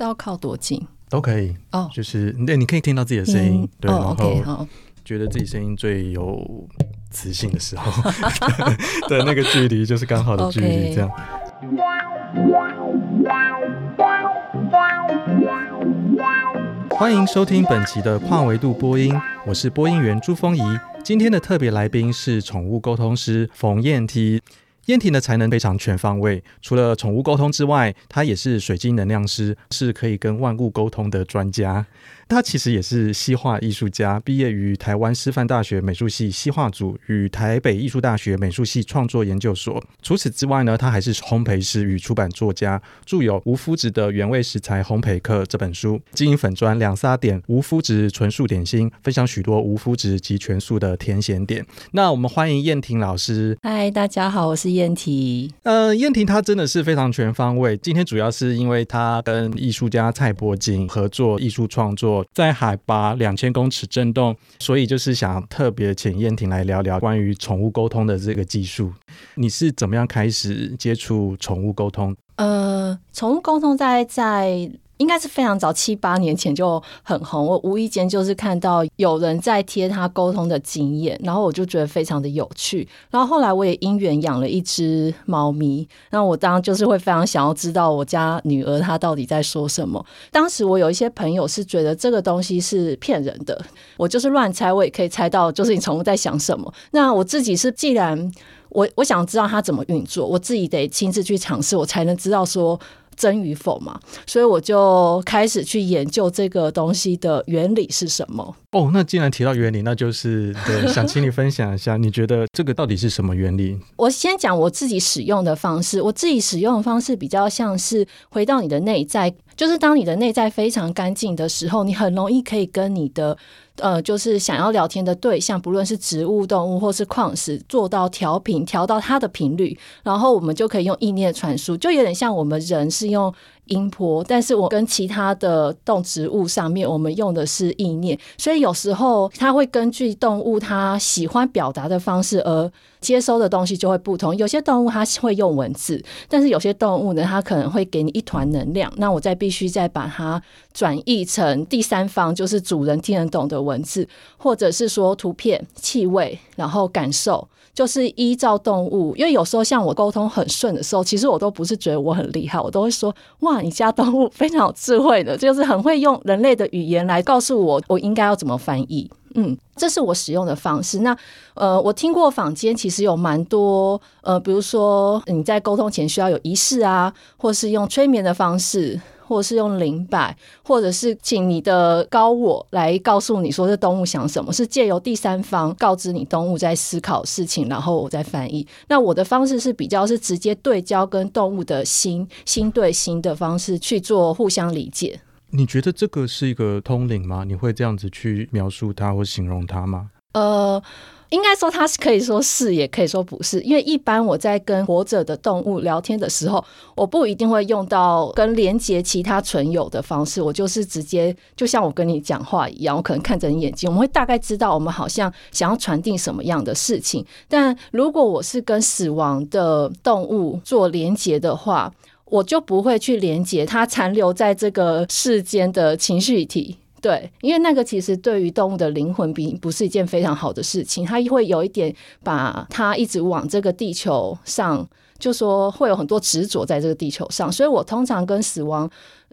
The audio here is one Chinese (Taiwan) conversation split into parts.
都要靠多近？都可以哦，就是，對，你可以聽到自己的聲音，嗯、對，oh, okay, 然後覺得自己聲音最有磁性的時候， 對，那個距離就是剛好的距離。Okay. 這樣，歡迎收聽本期的跨維度播音，我是播音員朱峰儀。今天的特別來賓是寵物溝通師馮晏緹。晏緹的才能非常全方位，除了寵物溝通之外，她也是水晶能量師，是可以跟萬物溝通的專家。他其實也是西畫藝術家，畢業於臺灣師範大學美術系西畫組與台北藝術大學美術系創作研究所。除此之外呢，他還是烘焙師與出版作家，著有《無麩質的原味食材烘焙課》這本書，經營粉專兩三點、無麩質純素點心，分享許多無麩質及全素的甜鹹點。那我們歡迎晏緹老師。嗨，大家好，我是晏緹。呃，晏緹她真的是非常全方位。今天主要是因為她跟藝術家蔡博金合作藝術創作。在海拔兩千公尺震動，所以就是想特別請晏緹來聊聊關於寵物溝通的這個技術。你是怎麼樣開始接觸寵物溝通？呃，寵物溝通在在。應該是非常早，七八年前就很紅。我無意間就是看到有人在貼他溝通的經驗，然後我就覺得非常的有趣。然後後來我也因緣養了一隻貓咪，那我當然就是會非常想要知道我家女兒她到底在說什麼。當時我有一些朋友是覺得這個東西是騙人的，我就是亂猜，我也可以猜到就是你寵物在想什麼。那我自己是既然我我想知道它怎麼運作，我自己得親自去嘗試，我才能知道說。真與否嘛，所以我就開始去研究這個東西的原理是什麼。哦，那既然提到原理，那就是對， 想請你分享一下，你覺得這個到底是什麼原理？我先講我自己使用的方式，我自己使用的方式比較像是回到你的內在。就是當你的內在非常乾淨的時候，你很容易可以跟你的，呃，就是想要聊天的對象，不論是植物、動物或是礦石，做到調頻，調到它的頻率，然後我們就可以用意念傳輸，就有點像我們人是用。音波，但是我跟其他的動植物上面，我們用的是意念，所以有時候它會根據動物它喜歡表達的方式而接收的東西就會不同。有些動物它會用文字，但是有些動物呢，它可能會給你一團能量，那我再必須再把它轉譯成第三方，就是主人聽得懂的文字，或者是說圖片、氣味，然後感受。就是依照動物，因為有時候像我溝通很順的時候，其實我都不是覺得我很厲害，我都會說，哇，你家動物非常有智慧的，就是很會用人類的語言來告訴我我應該要怎麼翻譯。嗯，這是我使用的方式。那呃，我聽過坊間其實有蠻多呃，比如說你在溝通前需要有儀式啊，或是用催眠的方式。或是用靈擺，或者是請你的高我來告訴你說這動物想什麼，是借由第三方告知你動物在思考事情，然後我再翻譯。那我的方式是比較是直接對焦跟動物的心心對心的方式去做互相理解。你覺得這個是一個通靈嗎？你會這樣子去描述它或形容它嗎？呃，應該說它是可以說是，是也可以說不是。因為一般我在跟活着的動物聊天的時候，我不一定會用到跟連接其他存有的方式，我就是直接就像我跟你講話一樣，我可能看着你眼睛，我們會大概知道我們好像想要傳遞什麼樣的事情。但如果我是跟死亡的動物做連接的話，我就不會去連接它殘留在這個世間的情緒體。對，因為那個其實對於動物的靈魂，並不是一件非常好的事情，它會有一點把它一直往這個地球上，就說會有很多執着在這個地球上，所以我通常跟死亡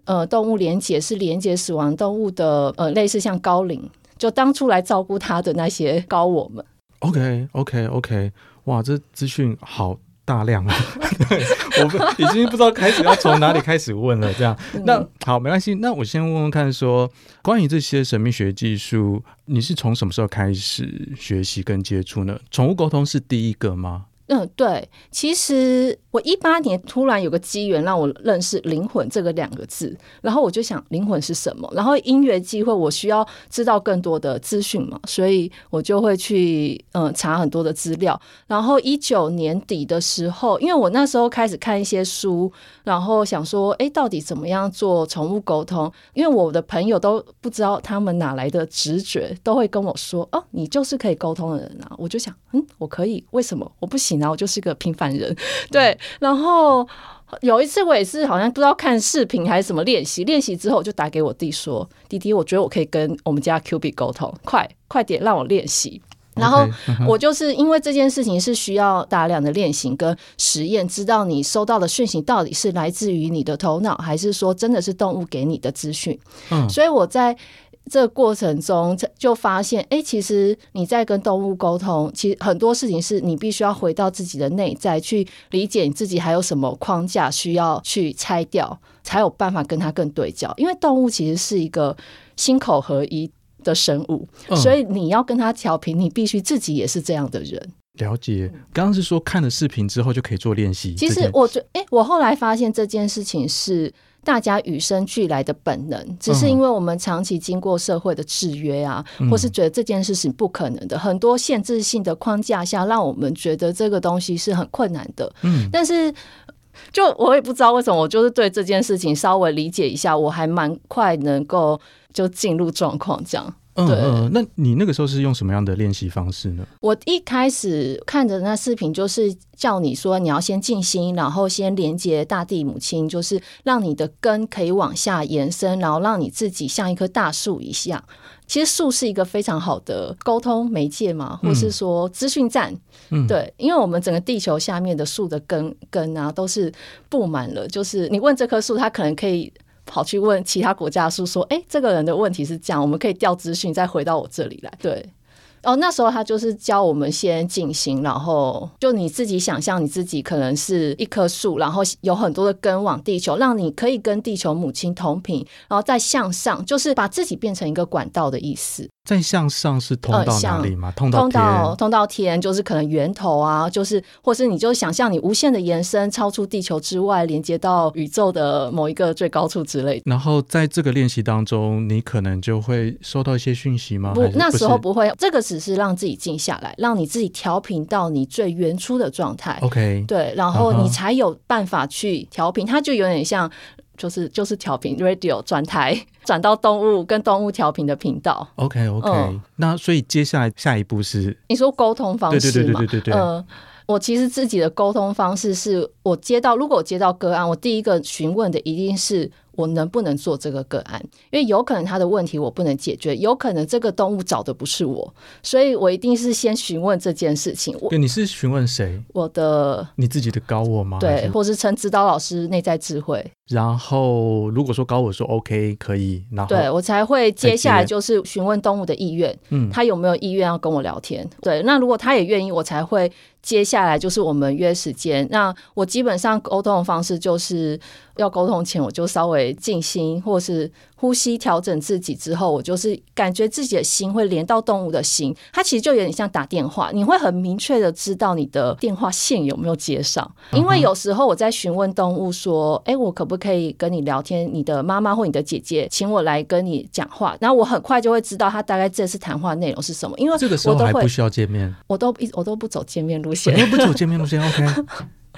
呃動物連接是連接死亡動物的呃類似像高靈，就當初來照顧它的那些高我們。OK OK OK，哇，這資訊好。大量了， 我們已經不知道開始要從哪裡開始問了。這樣， 那好，沒關係。那我先問問看說，說關於這些神秘學技術，你是從什麼時候開始學習跟接觸呢？寵物溝通是第一個嗎？嗯，對，其實我一八年突然有個機緣讓我認識“靈魂”這個兩個字，然後我就想，靈魂是什麼？然後因緣際會我需要知道更多的資訊嘛，所以我就會去嗯查很多的資料。然後一九年底的時候，因為我那時候開始看一些書，然後想說，哎，到底怎麼樣做寵物溝通？因為我的朋友都不知道他們哪來的直覺，都會跟我說，哦，你就是可以溝通的人啊！我就想，嗯，我可以？為什麼我不行？然後我就是一個平凡人，對。然後有一次我也是好像不知道看視頻還是什麼練習，練習之後我就打給我弟說：“弟弟，我覺得我可以跟我們家 QB 溝通，快快點讓我練習。” Okay，然後我就是因為這件事情是需要大量的練習跟實驗，知道你收到的訊息到底是來自於你的頭腦，還是說真的是動物給你的資訊。嗯。所以我在。這個過程中，就發現，哎，其實你在跟動物溝通，其實很多事情是你必須要回到自己的內在去理解你自己，還有什麼框架需要去拆掉，才有辦法跟它更對焦。因為動物其實是一個心口合一的生物，嗯，所以你要跟它調頻，你必須自己也是這樣的人。了解，剛剛是說看了視頻之後就可以做練習。其實我覺，哎，我後來發現這件事情是。大家與生俱來的本能，只是因為我們長期經過社會的制約啊，嗯，或是覺得這件事情不可能的，很多限制性的框架下，讓我們覺得這個東西是很困難的。嗯，但是就我也不知道為什麼，我就是對這件事情稍微理解一下，我還蠻快能夠就進入狀況這樣。嗯對嗯，那你那個時候是用什麼樣的練習方式呢？我一開始看的那視頻，就是叫你說你要先靜心，然後先連接大地母親，就是讓你的根可以往下延伸，然後讓你自己像一棵大樹一樣。其實樹是一個非常好的溝通媒介嘛，或是說資訊站。嗯，對，因為我們整個地球下面的樹的根根啊，都是布滿了，就是你問這棵樹，它可能可以。跑去問其他國家是說：“欸，這個人的問題是這樣，我們可以調資訊再回到我這裡來。”對，哦，那時候他就是教我們先進行，然後就你自己想象你自己可能是一棵樹，然後有很多的根往地球，讓你可以跟地球母親同頻，然後再向上，就是把自己變成一個管道的意思。再向上是通到哪裡嗎？呃、通到通到天，通到天就是可能源頭啊，就是，或是你就想象你無限的延伸，超出地球之外，連接到宇宙的某一個最高處之類的。然後在這個練習當中，你可能就會收到一些訊息嗎？不，不那時候不會。這個只是讓自己靜下來，讓你自己調頻到你最原初的狀態。OK，對，然後你才有辦法去調頻。然後，它就有點像。就是就是調頻 radio 轉台轉到動物跟動物調頻的頻道。OK OK，、嗯、那所以接下來下一步是你說溝通方式嗎對,對對對對對對。嗯、呃，我其實自己的溝通方式是我接到如果我接到個案，我第一個詢問的一定是。我能不能做這個個案？因為有可能他的問題我不能解決，有可能這個動物找的不是我，所以我一定是先詢問這件事情。對，你是詢問誰？我的，你自己的高我嗎？對，或是稱指導老師內在智慧。然後如果說高我說 OK 可以，然後對，我才會接下來就是詢問動物的意願，嗯，他有沒有意願要跟我聊天？對，那如果他也願意，我才會。接下來就是我們約時間。那我基本上溝通的方式就是要溝通前，我就稍微靜心，或是。呼吸調整自己之後，我就是感覺自己的心會連到動物的心，它其實就有點像打電話，你會很明確的知道你的電話線有沒有接上。嗯哼。因為有時候我在詢問動物說：“哎、欸，我可不可以跟你聊天？你的媽媽或你的姐姐請我來跟你講話。”然後我很快就會知道他大概這次談話內容是什麼。因為這個時候還不需要見面，我都一我都不走見面路線， 我也不走見面路線。OK，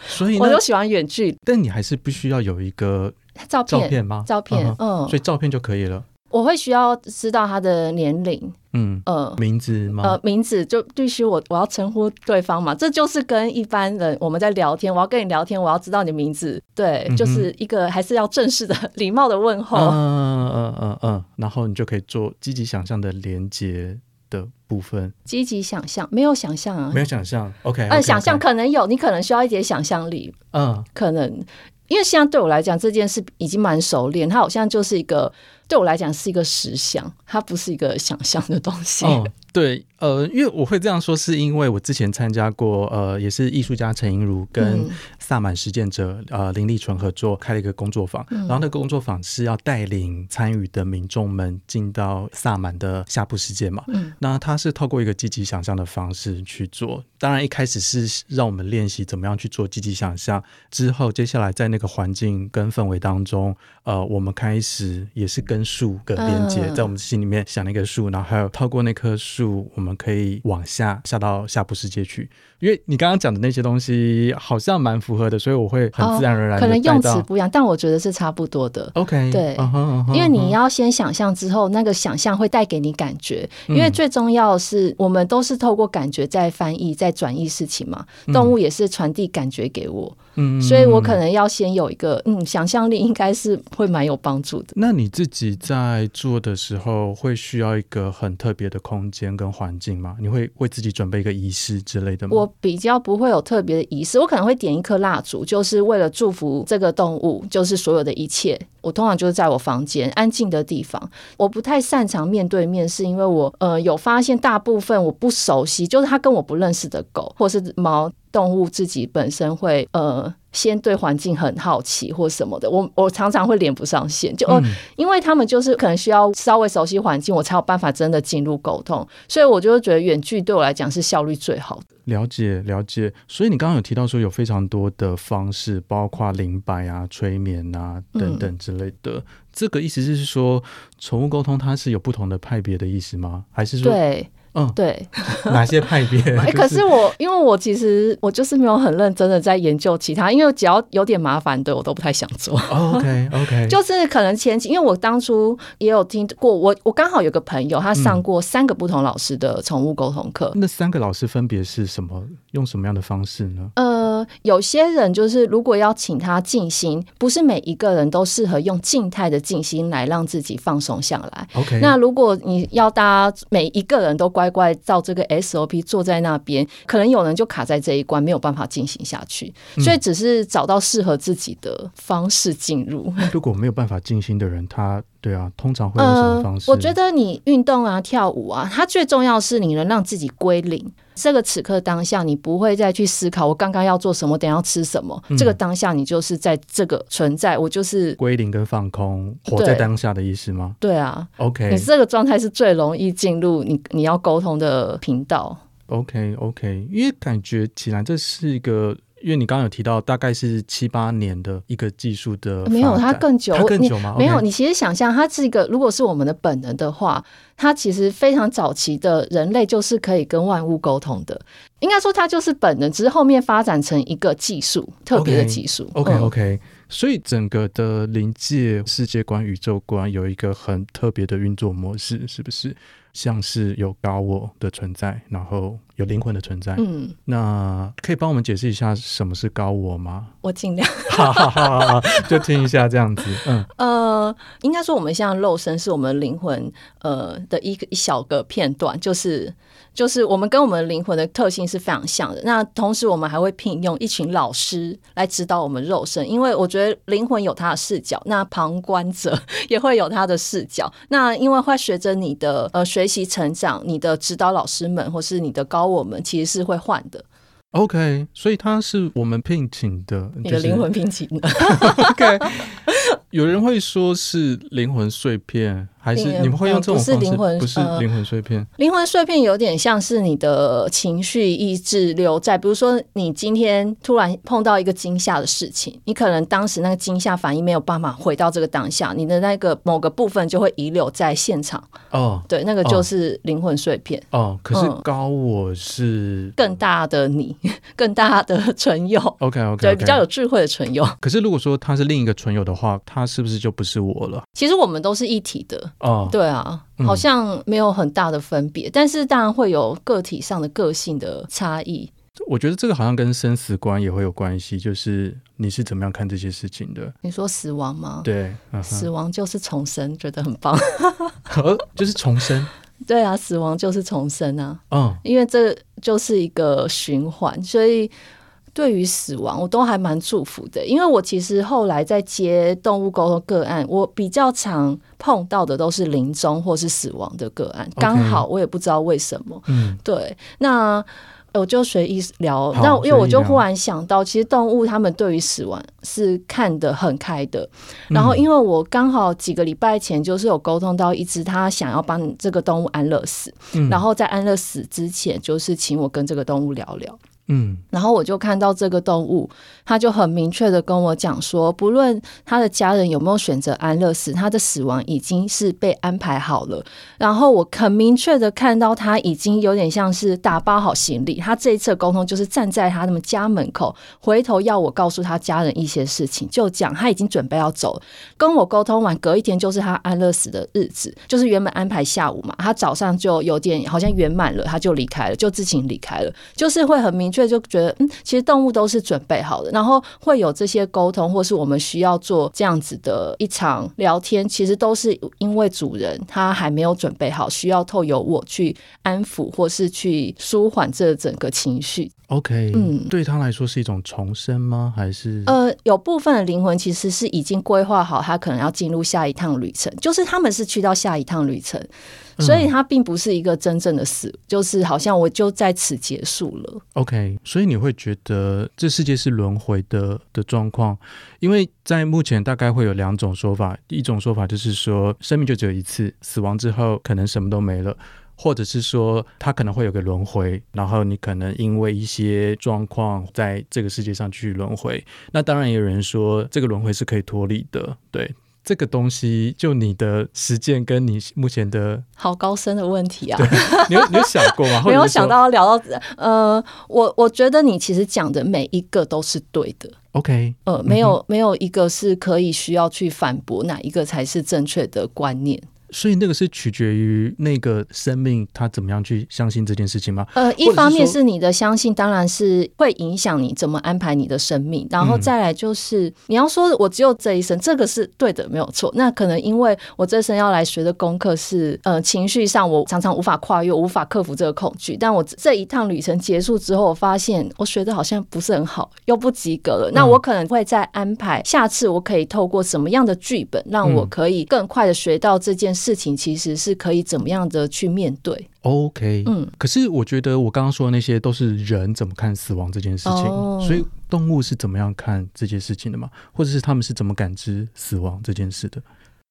所以我喜歡遠距， 距但你還是必須要有一個。照片照片，照片嗯，所以照片就可以了。我會需要知道他的年齡，嗯嗯，呃、名字嗎？呃，名字就必須我我要稱呼對方嘛，這就是跟一般人我們在聊天，我要跟你聊天，我要知道你的名字，對，嗯、哼就是一個還是要正式的禮貌的問候，嗯嗯，嗯嗯嗯嗯，然後你就可以做積極想象的連接的部分。積極想象，沒有想象啊，沒有想象，OK, okay。嗯、okay。呃，想象可能有，你可能需要一點想象力，嗯，可能。因為現在對我來講，這件事已經蠻熟練，它好像就是一個。對我來講是一個實相，它不是一個想象的東西。嗯、對，呃，因為我會這樣說，是因為我之前參加過，呃，也是藝術家陳英如跟薩滿實踐者呃，林立純合作開了一個工作坊，嗯、然後那個工作坊是要帶領參與的民眾們進到薩滿的下部世界嘛。嗯、那他是透過一個積極想象的方式去做，當然一開始是讓我們練習怎麼樣去做積極想象之後接下來在那個環境跟氛圍當中，呃，我們開始也是跟樹的連接，在我們心裡面想那個樹，然後還有透過那棵樹，我們可以往下下到下部世界去。因為你剛剛講的那些東西好像蠻符合的，所以我會很自然而然，哦。可能用詞不一樣，但我覺得是差不多的。OK，對，uh huh, uh、huh, 因為你要先想象之後，那個想象會帶給你感覺。嗯，因為最重要是我們都是透過感覺在翻譯、在轉譯事情嘛。動物也是傳遞感覺給我，嗯，所以我可能要先有一個嗯，想象力應該是會蠻有幫助的。那你自己在做的時候會需要一個很特別的空間跟環境嗎？你會為自己準備一個儀式之類的嗎？我。比較不會有特別的儀式，我可能會點一顆蠟燭，就是為了祝福這個動物，就是所有的一切。我通常就是在我房間安靜的地方，我不太擅長面對面，是因為我呃有發現大部分我不熟悉，就是它跟我不認識的狗或是貓。動物自己本身會呃，先對環境很好奇或什麼的。我我常常會連不上線，就嗯，因為他們就是可能需要稍微熟悉環境，我才有辦法真的進入溝通，所以我就覺得遠距對我來講是效率最好的。了解，了解，所以你剛剛有提到說有非常多的方式，包括靈擺啊、催眠啊等等之類的，嗯，這個意思就是說寵物溝通它是有不同的派別的意思嗎？還是說對？嗯，對， 哪些派別？哎、就是欸，可是我因為我其實我就是沒有很認真的在研究其他，因為只要有點麻煩的，我都不太想做。 oh, OK OK，就是可能前期，因為我當初也有聽過，我我剛好有個朋友，他上過三個不同老師的寵物溝通課，嗯。那三個老師分別是什麼？用什麼樣的方式呢？呃，有些人就是如果要請他靜心，不是每一個人都適合用靜態的靜心來讓自己放鬆下來。OK，那如果你要大家每一個人都乖，乖乖照這個 SOP 坐在那邊，可能有人就卡在這一關，沒有辦法進行下去，所以只是找到適合自己的方式進入。嗯，如果沒有辦法進行的人，他。對啊，通常會用什麼方式？呃，我覺得你運動啊、跳舞啊，它最重要是你能讓自己歸零。這個此刻當下，你不會再去思考我剛剛要做什麼，等下要吃什麼。嗯，這個當下，你就是在這個存在，我就是歸零跟放空，活在當下的意思嗎？對，對啊，OK，你這個狀態是最容易進入你你要溝通的頻道。OK OK，因為感覺起來這是一個。因為你剛剛有提到，大概是七八年的一個技術的，沒有，它更久，它更久嗎？你沒有，你其實想象它是一個，如果是我們的本能的話，它其實非常早期的人類就是可以跟萬物溝通的，應該說它就是本能，只是後面發展成一個技術，特別的技術。Okay, 嗯、OK OK。所以整個的靈界世界觀、宇宙觀有一個很特別的運作模式，是不是？像是有高我的存在，然後有靈魂的存在。嗯，那可以幫我們解釋一下什麼是高我嗎？我盡量， 就聽一下這樣子。嗯，呃，應該說我們現在肉身是我們靈魂呃的一個一小個片段，就是。就是我們跟我們靈魂的特性是非常像的。那同時，我們還會聘用一群老師來指導我們肉身，因為我覺得靈魂有它的視角，那旁觀者也會有它的視角。那因為會隨着你的呃學習成長，你的指導老師們或是你的高我們其實是會換的。OK，所以他是我們聘請的，你的靈魂聘請的，就是。 OK，有人會說是靈魂碎片。還是你們會用這種方式？嗯，不是靈魂，不是靈魂碎片，呃，靈魂碎片有點像是你的情緒、意志留在，比如說你今天突然碰到一個驚嚇的事情，你可能當時那個驚嚇反應沒有辦法回到這個當下，你的那個某個部分就會遺留在現場。哦，對，那個就是靈魂碎片。哦，可是高我是更大的你，更大的存有 OK OK，, okay. 對，比較有智慧的存有，可是如果說他是另一個存有的話，他是不是就不是我了？其實我們都是一體的。啊，哦、對啊，嗯、好像沒有很大的分別，但是當然會有個體上的個性的差異。我覺得這個好像跟生死觀也會有關係，就是你是怎麼樣看這些事情的？你說死亡嗎？對，啊、死亡就是重生，覺得很棒， 哦、就是重生。 對啊，死亡就是重生啊，嗯、哦，因為這就是一個循環，所以。對於死亡，我都還蠻祝福的，因為我其實後來在接動物溝通個案，我比較常碰到的都是臨終或是死亡的個案。Okay. 剛好我也不知道為什麼，嗯，對。那我就隨意聊，好那因為我就忽然想到，其實動物他們對於死亡是看得很開的。嗯、然後因為我剛好幾個禮拜前就是有溝通到一隻，它想要幫這個動物安樂死，嗯、然後在安樂死之前，就是請我跟這個動物聊聊。嗯，然後我就看到這個動物。他就很明確的跟我講說，不論他的家人有沒有選擇安樂死，他的死亡已經是被安排好了。然後我很明確的看到他已經有點像是打包好行李，他這一次的溝通就是站在他們家門口，回頭要我告訴他家人一些事情，就講他已經準備要走了。跟我溝通完，隔一天就是他安樂死的日子，就是原本安排下午嘛，他早上就有點好像圓滿了，他就離開了，就自行離開了，就是會很明確就覺得，嗯，其實動物都是準備好的然後會有這些溝通，或是我們需要做這樣子的一場聊天，其實都是因為主人他還沒有準備好，需要透由我去安撫，或是去舒緩這整個情緒。OK，嗯，對他來說是一種重生嗎？還是呃，有部分的靈魂其實是已經規劃好，他可能要進入下一趟旅程，就是他們是去到下一趟旅程，嗯，所以他並不是一個真正的死，就是好像我就在此結束了。OK，所以你會覺得這世界是輪迴的的狀況，因為在目前大概會有兩種說法，一種說法就是說生命就只有一次，死亡之後可能什麼都沒了。或者是說，他可能會有個輪迴，然後你可能因為一些狀況，在這個世界上去輪迴。那當然也有人說，這個輪迴是可以脫離的。對，這個東西，就你的實踐跟你目前的，好高深的問題啊，你有，你有想過嗎？ 沒有想到要聊到，呃，我，我覺得你其實講的每一個都是對的。OK，呃，嗯、哼沒有，沒有一個是可以需要去反駁哪一個才是正確的觀念。所以那個是取決於那個生命他怎麼樣去相信這件事情嗎？呃，一方面是你的相信，當然是會影響你怎麼安排你的生命。然後再來就是、嗯、你要說，我只有這一生，這個是對的，沒有錯。那可能因為我這生要來學的功課是，呃，情緒上我常常無法跨越，無法克服這個恐懼。但我這一趟旅程結束之後，我發現我學的好像不是很好，又不及格了。那我可能會再安排下次，我可以透過什麼樣的劇本，讓我可以更快的學到這件事。事情其實是可以怎麼樣的去面對？OK，嗯，可是我覺得我剛剛說的那些都是人怎麼看死亡這件事情，oh. 所以動物是怎麼樣看這件事情的嗎？或者是他們是怎麼感知死亡這件事的？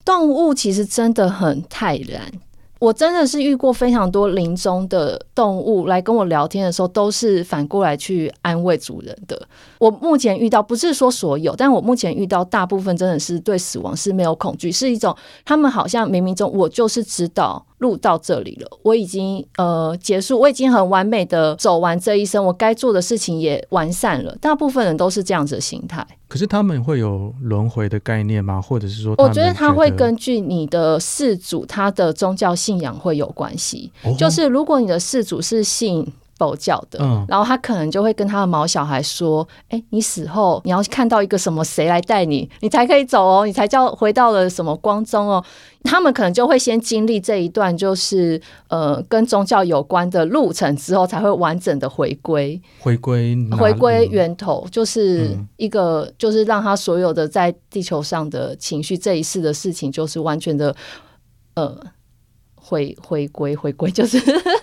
動物其實真的很泰然，我真的是遇過非常多臨終的動物來跟我聊天的時候，都是反過來去安慰主人的。我目前遇到不是說所有，但我目前遇到大部分真的是對死亡是沒有恐懼，是一種他們好像冥冥中我就是知道路到這裡了，我已經呃結束，我已經很完美的走完這一生，我該做的事情也完善了。大部分人都是這樣子的心態。可是他們會有輪迴的概念嗎？或者是說，我覺得他會根據你的飼主，他的宗教信仰會有關係。Oh. 就是如果你的飼主是信。佛教的，嗯，然後他可能就會跟他的毛小孩說：“哎、嗯，你死後你要看到一個什麼誰來帶你，你才可以走哦，你才叫回到了什麼光中哦。”他們可能就會先經歷這一段，就是呃，跟宗教有關的路程之後，才會完整的回歸，回歸回歸源頭，就是一個就是讓他所有的在地球上的情緒、嗯、這一世的事情，就是完全的呃回回歸回歸，回歸就是。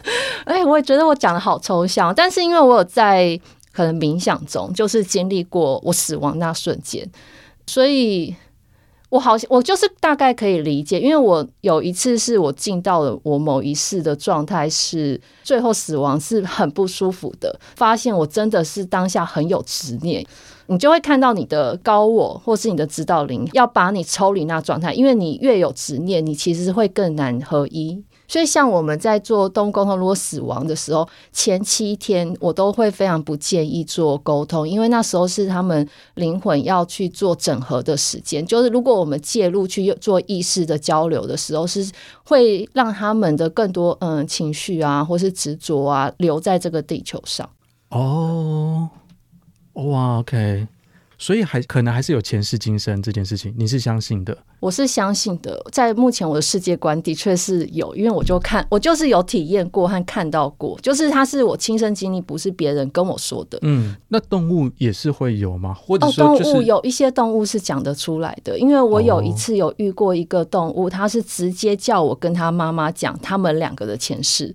哎、欸，我也覺得我講的好抽象，但是因為我有在可能冥想中，就是經歷過我死亡那瞬間，所以我好像我就是大概可以理解，因為我有一次是我進到了我某一世的狀態，是最後死亡是很不舒服的，發現我真的是當下很有執念，你就會看到你的高我或是你的指導靈要把你抽離那狀態，因為你越有執念，你其實會更難合一。所以，像我們在做動物溝通，如果死亡的時候，前七天我都會非常不建議做溝通，因為那時候是他們靈魂要去做整合的時間。就是如果我們介入去做意識的交流的時候，是會讓他們的更多嗯情緒啊，或是執着啊，留在這個地球上。哦，哇，OK。所以還可能還是有前世今生這件事情，你是相信的？我是相信的，在目前我的世界觀的確是有，因為我就看我就是有體驗過和看到過，就是它是我親身經歷，不是別人跟我說的。嗯，那動物也是會有嗎？或者說，就是，哦，動物有一些動物是講得出來的，因為我有一次有遇過一個動物，哦，它是直接叫我跟他媽媽講他們兩個的前世，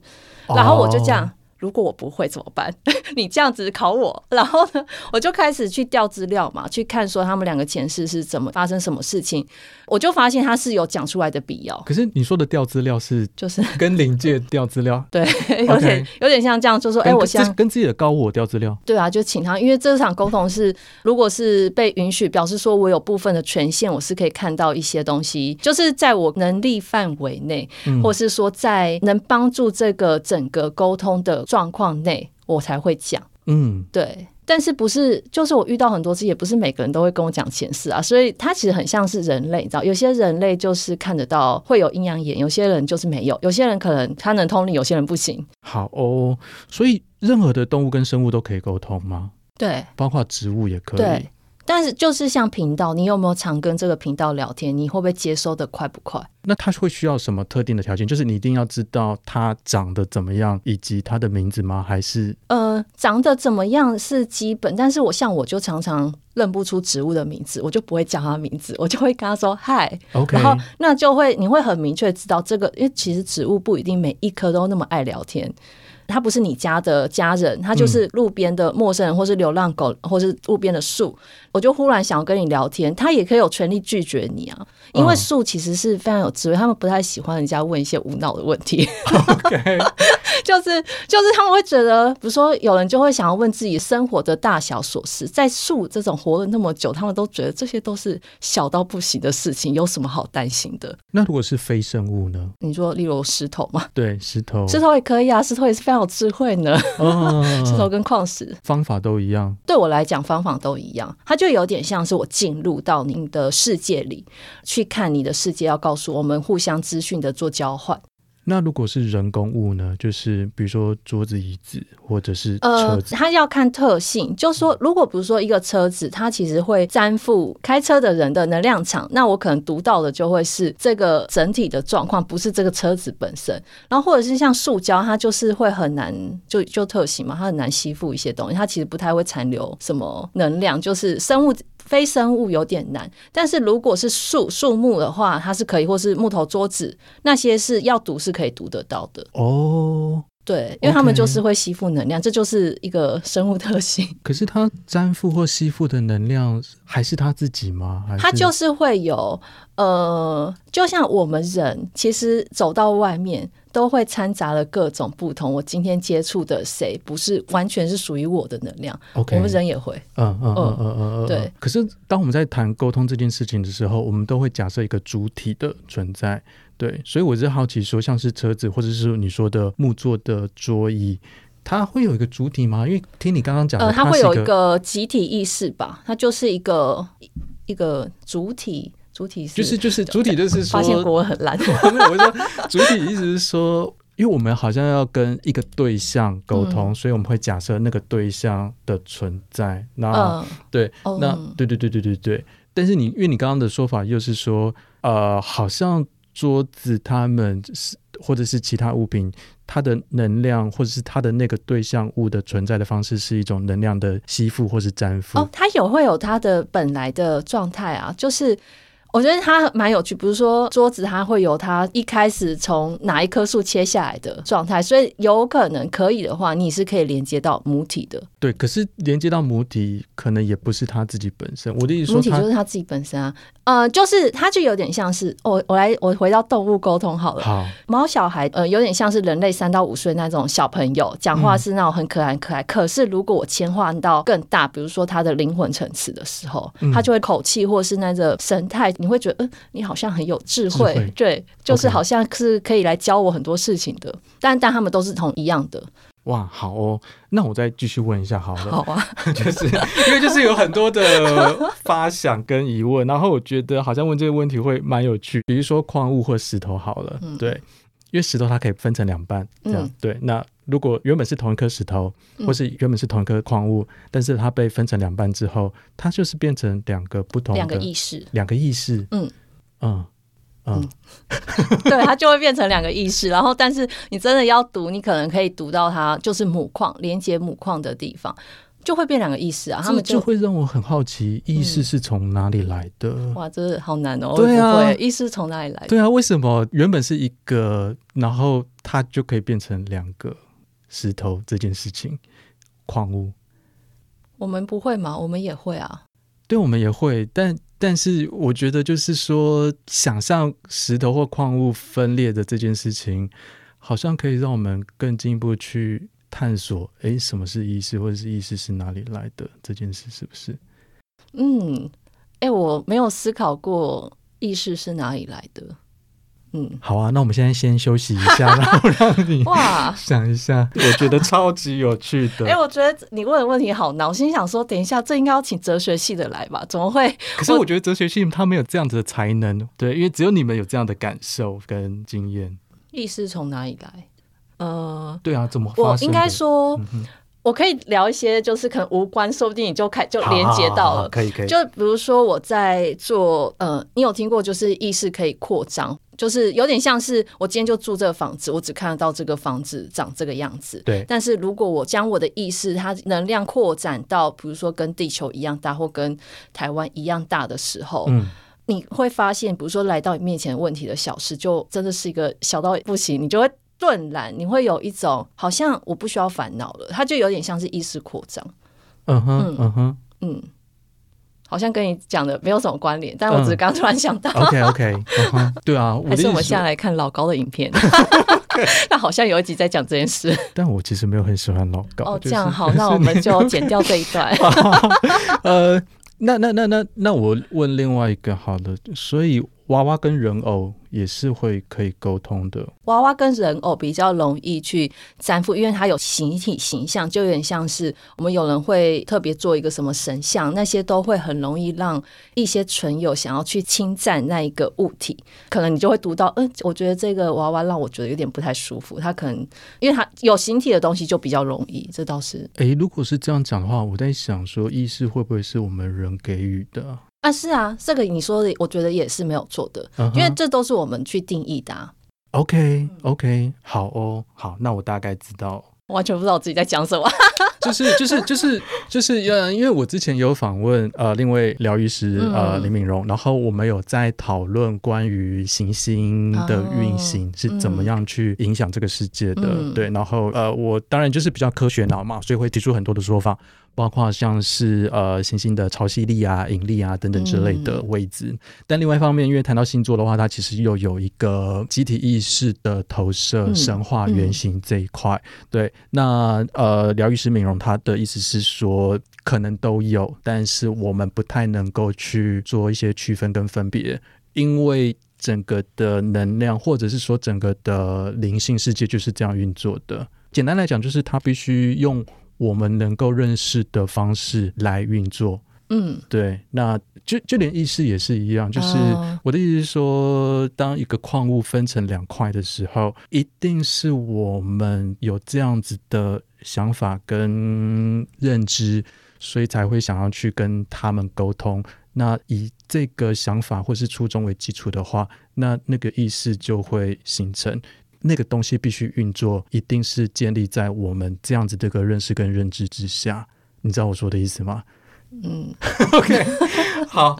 然後我就這樣。哦。如果我不會怎麼辦？ 你這樣子考我，然後呢，我就開始去調資料嘛，去看說他們兩個前世是怎麼發生什麼事情。我就發現他是有講出來的必要。可是你說的調資料是就是跟靈界調資料，對， 有點有點像這樣，就說，哎跟、欸，我先跟，跟自己的高我調資料。對啊，就請他，因為這場溝通是如果是被允許，表示說我有部分的權限，我是可以看到一些東西，就是在我能力範圍內，或是說在能幫助這個整個溝通的。狀況內，我才會講。嗯，對，但是不是就是我遇到很多次，也不是每個人都會跟我講前世啊。所以他其實很像是人類，你知道，有些人類就是看得到，會有陰陽眼，有些人就是沒有，有些人可能他能通靈，有些人不行。好哦，所以任何的動物跟生物都可以溝通嗎？對，包括植物也可以。對但是就是像頻道，你有沒有常跟這個頻道聊天？你會不會接收得快不快？那他會需要什麼特定的條件？就是你一定要知道他長得怎麼樣，以及他的名字嗎？還是呃，長得怎麼樣是基本，但是我像我就常常認不出植物的名字，我就不會叫他名字，我就會跟他說嗨，Hi、Okay. 然後那就會你會很明確知道這個，因為其實植物不一定每一棵都那麼愛聊天。他不是你家的家人，他就是路邊的陌生人，或是流浪狗，或是路邊的樹。嗯、我就忽然想要跟你聊天，他也可以有權利拒絕你啊。因為樹其實是非常有智慧，嗯、他們不太喜歡人家問一些無腦的問題。就是 Okay 就是，就是、他們會覺得，比如說有人就會想要問自己生活的大小瑣事，在樹這種活了那麼久，他們都覺得這些都是小到不行的事情，有什麼好擔心的？那如果是非生物呢？你說，例如石頭嘛？對，石頭，石頭也可以啊，石頭也是非常。好智慧呢。石、哦、 頭跟礦石方法都一樣，對我來講方法都一樣。它就有點像是我進入到您的世界裡去看你的世界，要告訴我們互相資訊的做交換。那如果是人工物呢？就是比如說桌子、椅子，或者是車子，它、呃、要看特性。就說，如果比如說一個車子，嗯、它其實會粘附開車的人的能量場，那我可能讀到的就會是這個整體的狀況，不是這個車子本身。然後或者是像塑膠，它就是會很難，就就特性嘛，它很難吸附一些東西，它其實不太會殘留什麼能量，就是生物。非生物有點難，但是如果是樹樹木的話，它是可以，或是木頭桌子那些是要讀是可以讀得到的哦。對，因為他們就是會吸附能量，Okay, 這就是一個生物特性。可是它粘附或吸附的能量還是他自己嗎？還是他就是會有，呃，就像我們人其實走到外面都會摻雜了各種不同。我今天接觸的誰，不是完全是屬於我的能量，Okay, 我們人也會，嗯嗯嗯嗯嗯，對。可是當我們在談溝通這件事情的時候，我們都會假設一個主體的存在。對，所以我就好奇，說像是車子，或者是你說的木座的桌椅，它會有一個主體嗎？因為聽你剛剛講，呃，它會有一個集體意識吧？它就是一個一個主體，主體是就是就是主體，就是說發現國文很爛。 我說主體意思是說，因為我們好像要跟一個對象溝通，嗯、所以我們會假設那個對象的存在。那、嗯、對，那、嗯、對，對對對對對對，但是你因為你剛剛的說法又是說，呃，好像。桌子，它們是或者是其他物品，它的能量或者是它的那個對象物的存在的方式，是一種能量的吸附或是粘附。哦，它有會有它的本來的狀態啊，就是我覺得它蠻有趣，比如說桌子它會有它一開始從哪一棵樹切下來的狀態，所以有可能可以的話，你是可以連接到母體的。對，可是連接到母體可能也不是他自己本身。我的意思，母體就是他自己本身啊。呃，就是他就有點像是，我我來我回到動物溝通好了。好，毛小孩呃有點像是人類三到五歲那種小朋友，講話是那種很可愛很可愛。嗯、可是如果我切換到更大，比如說他的靈魂層次的時候，嗯、他就會口氣或是那個神態，你會覺得，嗯、呃，你好像很有智慧，智慧對，就是好像是可以來教我很多事情的。嗯、但但他們都是同一樣的。哇，好哦，那我再繼續問一下好了。好啊， 就是因為就是有很多的發想跟疑問， 然後我覺得好像問這個問題會蠻有趣，比如說礦物或石頭好了，嗯、對，因為石頭它可以分成兩半，嗯、這樣對。那如果原本是同一顆石頭，或是原本是同一顆礦物，嗯、但是它被分成兩半之後，它就是變成兩個不同的兩個意識，兩個意識，嗯。嗯嗯， 對，它就會變成兩個意識，然後但是你真的要讀，你可能可以讀到它就是母礦連接母礦的地方，就會變兩個意識啊。這就他們就，就會讓我很好奇，意識是從哪裡來的？嗯、哇，真的好難哦，喔！對啊，意識從哪裡來的？對啊，為什麼原本是一個，然後它就可以變成兩個石頭這件事情？礦物？我們不會嗎？我們也會啊。對，我們也會，但。但是我覺得，就是說，想象石頭或礦物分裂的這件事情，好像可以讓我們更進一步去探索：誒、欸，什麼是意識，或者是意識是哪裡來的？這件事是不是？嗯，誒、欸，我沒有思考過意識是哪裡來的。嗯，好啊，那我們現在先休息一下，然後讓你哇想一下， 哇我覺得超級有趣的。哎、欸，我覺得你問的問題好難，我心想說，等一下這應該要請哲學系的來吧？怎麼會？可是我覺得哲學系他沒有這樣子的才能，對，因為只有你們有這樣的感受跟經驗。意識從哪裡來？呃，對啊，怎麼我應該說，嗯、哼我可以聊一些，就是可能無關，說不定你就開就連接到了，好好好好可以可以。就比如說我在做，呃，你有聽過就是意識可以擴張？就是有點像是我今天就住這個房子，我只看得到這個房子長這個樣子。對。但是如果我將我的意識它能量擴展到，比如說跟地球一樣大，或跟台灣一樣大的時候，嗯，你會發現，比如說來到你面前問題的小事，就真的是一個小到不行，你就會頓然，你會有一種好像我不需要煩惱了。它就有點像是意識擴張。嗯哼，uh，嗯哼，嗯。Uh huh. 嗯好像跟你講的沒有什麼關聯，但我只是剛剛突然想到。OK OK，對啊， 還是我們下來看老高的影片。 那好像有一集在講這件事， 但我其實沒有很喜歡老高。哦，就是、這樣好， 那我們就剪掉這一段。 好好好呃、那那那那那我問另外一個好了，所以。娃娃跟人偶也是會可以溝通的。娃娃跟人偶比較容易去沾附，因為它有形體形象，就有點像是我們有人會特別做一個什麼神像，那些都會很容易讓一些唇友想要去侵佔那一個物體。可能你就會讀到，嗯、呃，我覺得這個娃娃讓我覺得有點不太舒服。它可能因為它有形體的東西就比較容易，這倒是。誒、欸，如果是這樣講的話，我在想說，意識會不會是我們人給予的？啊，是啊，這個你說的，我覺得也是沒有錯的，uh huh. 因為這都是我們去定義的、啊。OK，OK，、okay, okay, 好哦，好，那我大概知道，完全不知道我自己在講什麼。 就是就是就是就是、呃、因為我之前有訪問呃，另外療癒師呃，嗯、林敏榮，然後我們有在討論關於行星的運行是怎麼樣去影響這個世界的，嗯、對，然後呃，我當然就是比較科學腦嘛，所以會提出很多的說法。包括像是呃、行星，星的潮汐力啊、引力啊等等之類的位置，嗯、但另外一方面，因為談到星座的話，它其實又有一個集體意識的投射、神話原型這一塊。嗯嗯、對，那呃，療癒師美榮他的意思是說，可能都有，但是我們不太能夠去做一些區分跟分別，因為整個的能量，或者是說整個的靈性世界就是這樣運作的。簡單來講，就是它必須用。我們能夠認識的方式來運作，嗯，對，那就就連意識也是一樣，就是我的意思是說，當一個礦物分成兩塊的時候，一定是我們有這樣子的想法跟認知，所以才會想要去跟他們溝通。那以這個想法或是初衷為基礎的話，那那個意識就會形成。那個東西必須運作，一定是建立在我們這樣子這個認識跟認知之下，你知道我說的意思嗎？嗯 ，OK，好，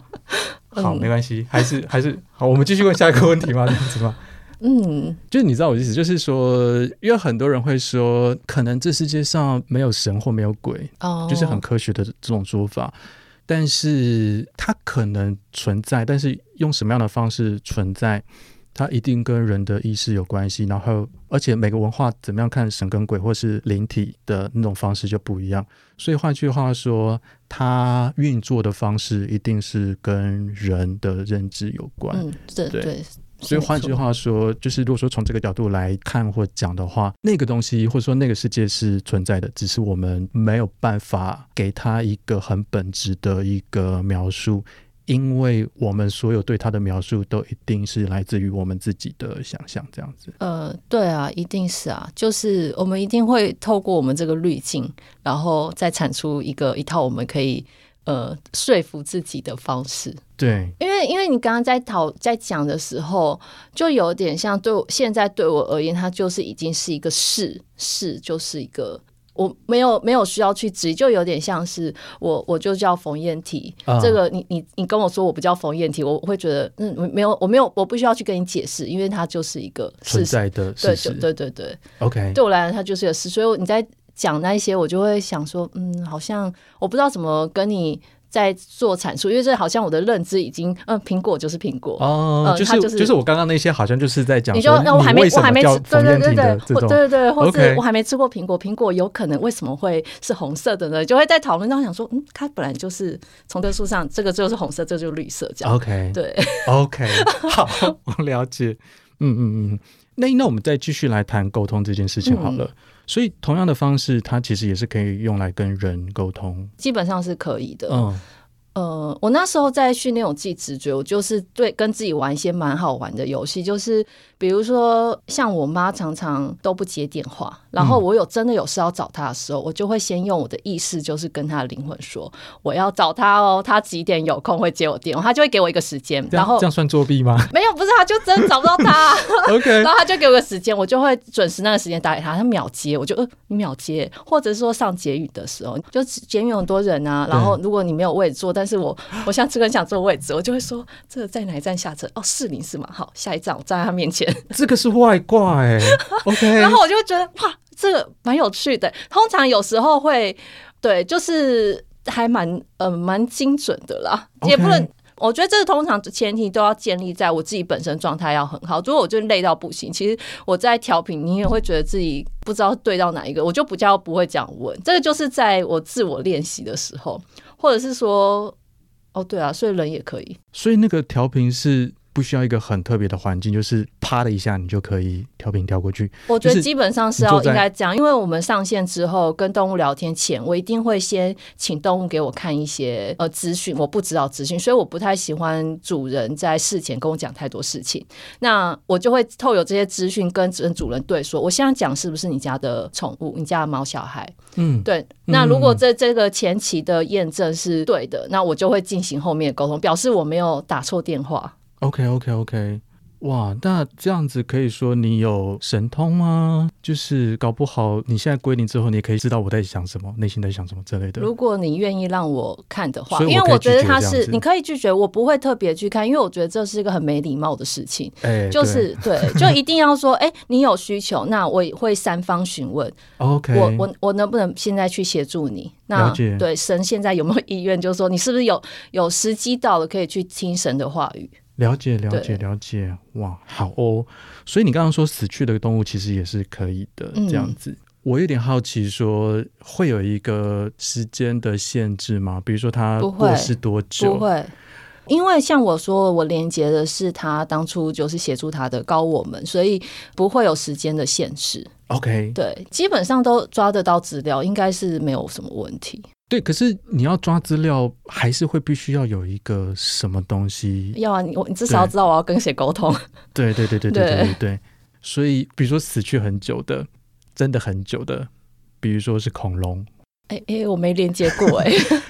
好，嗯、沒關係，還是還是好，我們繼續問下一個問題嗎？這樣子嗎？嗯， 麼嗯，就是你知道我的意思，就是說，因為很多人會說，可能這世界上沒有神或沒有鬼，哦，就是很科學的這種說法，但是它可能存在，但是用什麼樣的方式存在？它一定跟人的意識有關係，然後而且每個文化怎麼樣看神跟鬼或是靈體的那種方式就不一樣，所以換句話說，它運作的方式一定是跟人的認知有關。嗯，對對。對。所以換句話說，是就是如果說從這個角度來看或講的話，那個東西或者說那個世界是存在的，只是我們沒有辦法給它一個很本質的一個描述。因為我們所有對他的描述都一定是來自於我們自己的想象，這樣子。呃，對啊，一定是啊，就是我們一定會透過我們這個濾鏡，然後再產出一個一套我們可以呃說服自己的方式。對，因為因為你剛剛在討在講的時候，就有點像對現在對我而言，他就是已經是一個事，事就是一個。我沒有沒有需要去指，就有點像是我，我就叫馮晏緹。嗯、這個你你你跟我說我不叫馮晏緹，我會覺得嗯沒有我沒有，我，沒有我不需要去跟你解釋，因為他就是一個存在的事實對，對對對對，OK。對我來講它就是一個事，所以你在講那一些，我就會想說，嗯，好像我不知道怎麼跟你。在做闡述，因為這好像我的認知已經，嗯，蘋果就是蘋果，哦、oh, 嗯，就是它、就是、就是我剛剛那些好像就是在講，你說那我還沒我還沒吃對對對對,種對對對，或是 Okay. 我還沒吃過蘋果，蘋果有可能為什麼會是紅色的呢？就會在討論中想說，嗯，它本來就是從這樹上，這個就是紅色，這個、就是綠色這樣。OK，對，OK，好，我了解。 嗯嗯嗯，那那我們再繼續來談溝通這件事情好了。嗯所以，同樣的方式，它其實也是可以用來跟人溝通，基本上是可以的。嗯，呃，我那時候在訓練我自己直覺，我就是對跟自己玩一些蠻好玩的遊戲，就是。比如說，像我媽常常都不接電話，然後我有真的有事要找她的時候，嗯、我就會先用我的意識，就是跟她的靈魂說，我要找她哦，她幾點有空會接我電話，她就會給我一個時間。然後這樣，這樣算作弊嗎？沒有，不是，他就真的找不到她。 OK，然後他就給我個時間，我就會準時那個時間打給他，他秒接，我就呃你秒接，或者是說上捷運的時候，就捷運很多人啊，然後如果你沒有位置坐，對但是我我現在真的很想坐位置，我就會說，這個在哪一站下車？哦，四零四嘛，好，下一站我站在他面前。這個是外掛哎，OK，然後我就會覺得哇，這個蠻有趣的。通常有時候會，對，就是還蠻嗯蠻精準的啦，Okay 也不能，我覺得這個通常前提都要建立在我自己本身狀態要很好。如果我就累到不行，其實我在調頻，你也會覺得自己不知道對到哪一個，我就不叫不會講文。這個就是在我自我練習的時候，或者是說，哦對啊，所以人也可以。所以那個調頻是。不需要一個很特別的環境，就是啪的一下，你就可以調頻調過去。我覺得基本上是要應該這樣，坐因為我們上線之後跟動物聊天前，我一定會先請動物給我看一些呃資訊，我不知道資訊，所以我不太喜歡主人在事前跟我講太多事情。那我就會透過這些資訊跟主人對說，我現在講是不是你家的寵物，你家的毛小孩？嗯，對。那如果這這個前期的驗證是對的，那我就會進行後面的溝通，表示我沒有打錯電話。OK OK OK，哇，那這樣子可以說你有神通嗎？就是搞不好你現在歸零之後，你也可以知道我在想什麼，內心在想什麼之類的。如果你願意讓我看的話，因為我覺得他是，你可以拒絕，我不會特別去看，因為我覺得這是一個很沒禮貌的事情。欸、就是對,對，就一定要說，哎、 欸，你有需求，那我會三方詢問。OK，我我我能不能現在去協助你？那，了解，對神現在有沒有意願，就是說你是不是有有時機到了，可以去聽神的話語？了解，了解，對了解，哇，好哦！所以你剛剛說死去的動物其實也是可以的、嗯、這樣子。我有點好奇，說會有一個時間的限制嗎？比如說他過世多久？不會,不會，因為像我說，我連接的是他當初就是協助他的高我們，所以不會有時間的限制。OK，、嗯、對，基本上都抓得到資料，應該是沒有什麼問題。對，可是你要抓資料，還是會必須要有一個什麼東西？要啊，你我你至少要知道我要跟誰溝通，對。對對對對對對對。對，所以，比如說死去很久的，真的很久的，比如說是恐龍。哎哎、欸欸，我沒連接過哎、欸。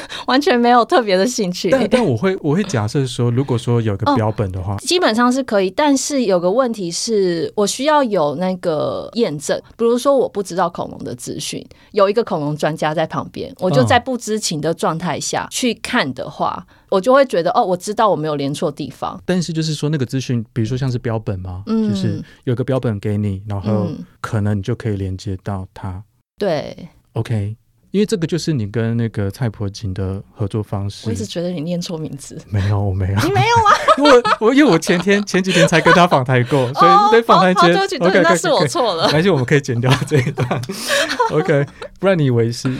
完全沒有特別的興趣、欸。但但我會我會假設說，如果說有個標本的話、哦，基本上是可以。但是有個問題是我需要有那個驗證，比如說我不知道恐龍的資訊，有一個恐龍專家在旁邊，我就在不知情的狀態下去看的話，哦、我就會覺得哦，我知道我沒有連錯地方。但是就是說那個資訊，比如說像是標本嘛，嗯，就是有個標本給你，然後可能你就可以連接到它。嗯、OK 對。OK。因為這個就是你跟那個蔡婆琴的合作方式，我一直覺得你念錯名字。沒有，我沒有。你沒有啊？ 我我因為我前天前幾天才跟他訪談過， 所以對訪談前，OK，那是我錯了。而且，okay, okay, 我們可以剪掉這一段，OK， 不然你以為是？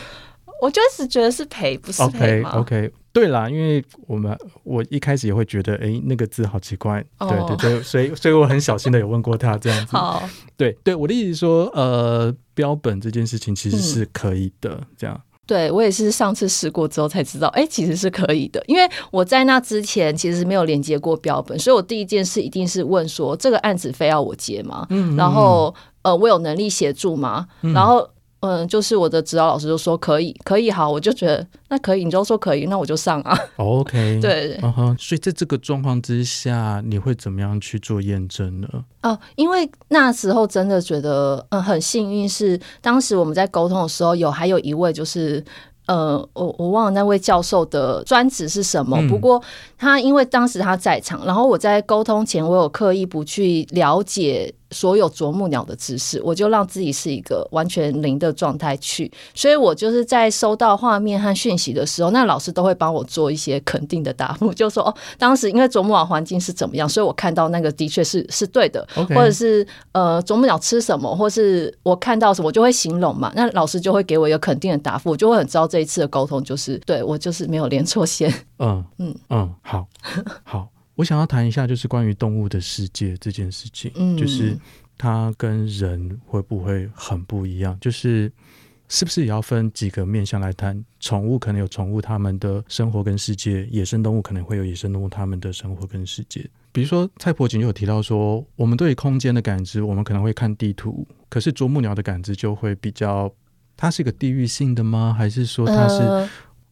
我就是覺得是賠不是賠 OK OK 對啦，因為我們我一開始也會覺得，哎、欸，那個字好奇怪。Oh. 對對對，所以所以我很小心的有問過他這樣子。 好對對，我的意思是說，呃，標本這件事情其實是可以的，嗯、這樣。對我也是上次試過之後才知道，哎、欸，其實是可以的，因為我在那之前其實沒有連接過標本，所以我第一件事一定是問說，這個案子非要我接嗎？嗯嗯嗯，然後，呃，我有能力協助嗎？嗯、然後。嗯，就是我的指導老師就說可以，可以，好，我就覺得那可以，你就說可以，那我就上啊。Oh, OK， 對，啊對、uh huh. 所以在這個狀況之下，你會怎麼樣去做驗證呢？哦、嗯，因為那時候真的覺得，嗯，很幸運是當時我們在溝通的時候，有還有一位就是，呃，我我忘了那位教授的專職是什麼，嗯、不過他因為當時他在場，然後我在溝通前，我有刻意不去了解。所有啄木鳥的知識，我就讓自己是一個完全零的狀態去，所以我就是在收到畫面和訊息的時候，那老師都會幫我做一些肯定的答覆，就說哦，當時因為啄木鳥環境是怎麼樣，所以我看到那個的確是是對的，Okay. 或者是呃，啄木鳥吃什麼，或是我看到什麼，我就會形容嘛，那老師就會給我一個肯定的答覆，我就會很知道這一次的溝通就是對我就是沒有連錯線，嗯嗯嗯，好，好。 我想要談一下，就是關於動物的世界這件事情，嗯、就是它跟人會不會很不一樣？就是是不是也要分幾個面向來談？寵物可能有寵物他們的生活跟世界，野生動物可能會有野生動物他們的生活跟世界。比如說蔡伯錦有提到說，我們對空間的感知，我們可能會看地圖，可是啄木鳥的感知就會比較，它是一個地域性的嗎？還是說它是？呃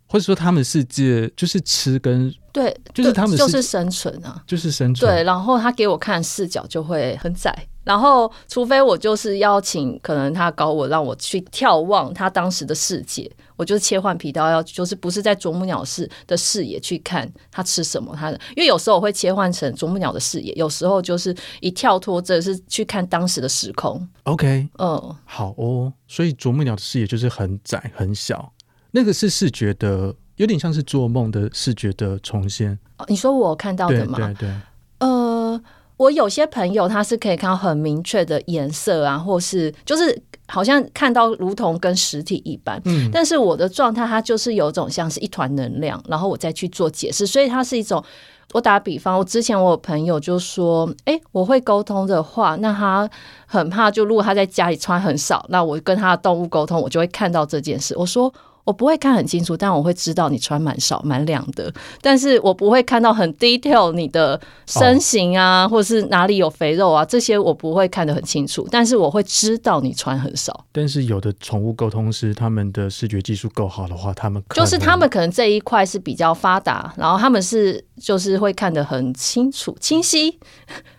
或者說，他們世界就是吃跟對，就是他們就是生存啊，就是生存。對，然後他給我看視角就會很窄，然後除非我就是邀請，可能他搞我讓我去眺望他當時的世界，我就切換頻道，要就是不是在啄木鳥視的視野去看他吃什麼，他的因為有時候我會切換成啄木鳥的視野，有時候就是一跳脫，這是去看當時的時空。OK，嗯，好哦，所以啄木鳥的視野就是很窄很小。那個是視覺的，有點像是做夢的視覺的重現。哦，你說我看到的嗎？對，對對。呃，我有些朋友他是可以看到很明確的顏色啊，或是就是好像看到如同跟實體一般。嗯。但是我的狀態，它就是有種像是一團能量，然後我再去做解釋，所以它是一種。我打比方，我之前我有朋友就說：“哎，我會溝通的話，那他很怕。就如果他在家裡穿很少，那我跟他的動物溝通，我就會看到這件事。”我說。我不會看很清楚，但我會知道你穿蠻少，蠻亮的。但是我不會看到很 detail 你的身形啊，哦，或者是哪裡有肥肉啊，這些我不會看得很清楚。但是我會知道你穿很少。但是有的寵物溝通師，他們的視覺技術夠好的話，他們可就是他們可能這一塊是比較發達，然後他們是就是會看得很清楚、清晰、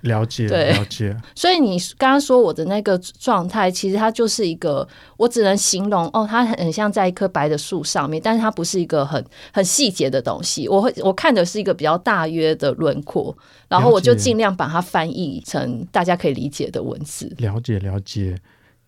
了解， 對了解。所以你剛剛說我的那個狀態，其實它就是一個，我只能形容、嗯、哦，它很像在一顆白的。樹上面，但是它不是一個很很細節的東西。我會我看的是一個比較大約的輪廓，然後我就盡量把它翻譯成大家可以理解的文字。了解了解，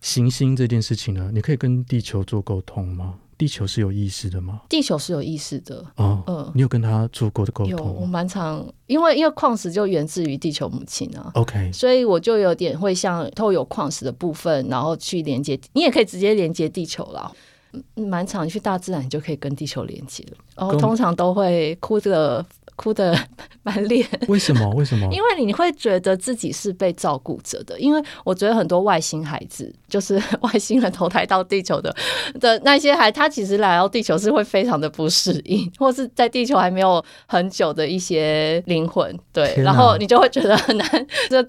行星這件事情呢、啊，你可以跟地球做溝通嗎？地球是有意識的嗎？地球是有意識的。嗯、哦、嗯，你有跟他做過的溝通？有，我蠻常，因為因為礦石就源自於地球母親啊。OK，所以我就有點會像透過礦石的部分，然後去連接。你也可以直接連接地球了。嗯，蠻常去大自然就可以跟地球連接了。哦，然後通常都會哭着，這個，哭得滿臉，為什麼？為什麼？因為你會覺得自己是被照顧着的，因為我覺得很多外星孩子，就是外星人投胎到地球的的那些孩子，他其實來到地球是會非常的不適應，或是在地球還沒有很久的一些靈魂，對，哪然後你就會覺得很難這